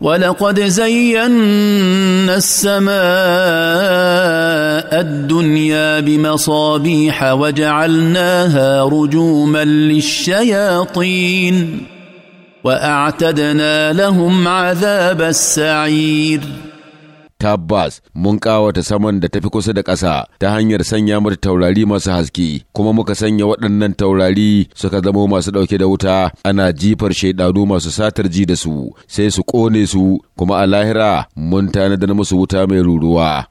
ولقد زينا السماء الدنيا بمصابيح وجعلناها رجوما للشياطين واعتدنا لهم عذاب السعير tabbas mun ƙawata saman da tafi kusa da ƙasa ta hanyar sanya mata taurari masu haske kuma muka sanya waɗannan taurari suka zama masu ɗauke da wuta ana jifar shaidanu masu satar ji da su sai su ƙone su kuma a lahira mun tanadar musu wuta mai ruruwa